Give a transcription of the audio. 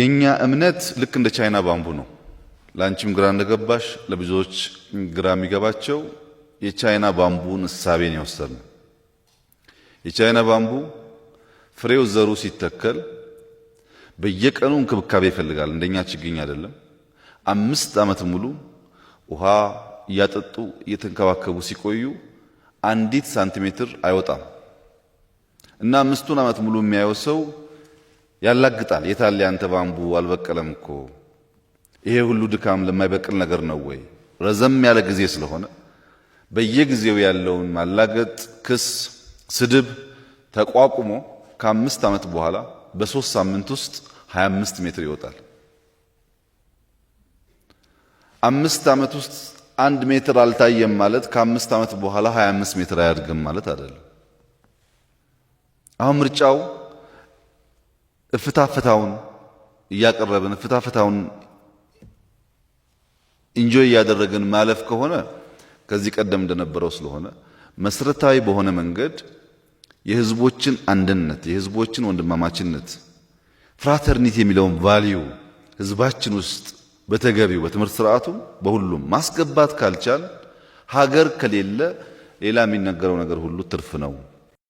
የእኛ እምነት ልክ እንደ ቻይና ባምቡ ነው። ለአንቺም ግራ እንደገባሽ ለብዙዎች ግራ የሚገባቸው የቻይና ባምቡን እሳቤን ነው። የቻይና ባምቡ ፍሬው ዘሩ ሲተከል በየቀኑ እንክብካቤ ይፈልጋል። እንደኛ ችግኝ አይደለም። አምስት ዓመት ሙሉ ውሃ እያጠጡ እየተንከባከቡ ሲቆዩ አንዲት ሳንቲሜትር አይወጣም እና አምስቱን ዓመት ሙሉ የሚያየው ሰው ያላግጣል። የታለ ያንተ ባምቡ አልበቀለም እኮ ይሄ ሁሉ ድካም ለማይበቅል ነገር ነው ወይ? ረዘም ያለ ጊዜ ስለሆነ በየጊዜው ያለውን ማላገጥ፣ ክስ፣ ስድብ ተቋቁሞ ከአምስት ዓመት በኋላ በሶስት ሳምንት ውስጥ 25 ሜትር ይወጣል። አምስት ዓመት ውስጥ አንድ ሜትር አልታየም ማለት ከአምስት ዓመት በኋላ 25 ሜትር አያድግም ማለት አይደለም። አሁን ምርጫው እፍታፍታውን እያቀረብን እፍታፍታውን እንጆይ እያደረግን ማለፍ ከሆነ ከዚህ ቀደም እንደነበረው ስለሆነ መሰረታዊ በሆነ መንገድ የህዝቦችን አንድነት የህዝቦችን ወንድማማችነት ፍራተርኒቲ የሚለውን ቫልዩ ህዝባችን ውስጥ በተገቢው በትምህርት ስርዓቱ በሁሉም ማስገባት ካልቻል ሀገር ከሌለ ሌላ የሚነገረው ነገር ሁሉ ትርፍ ነው።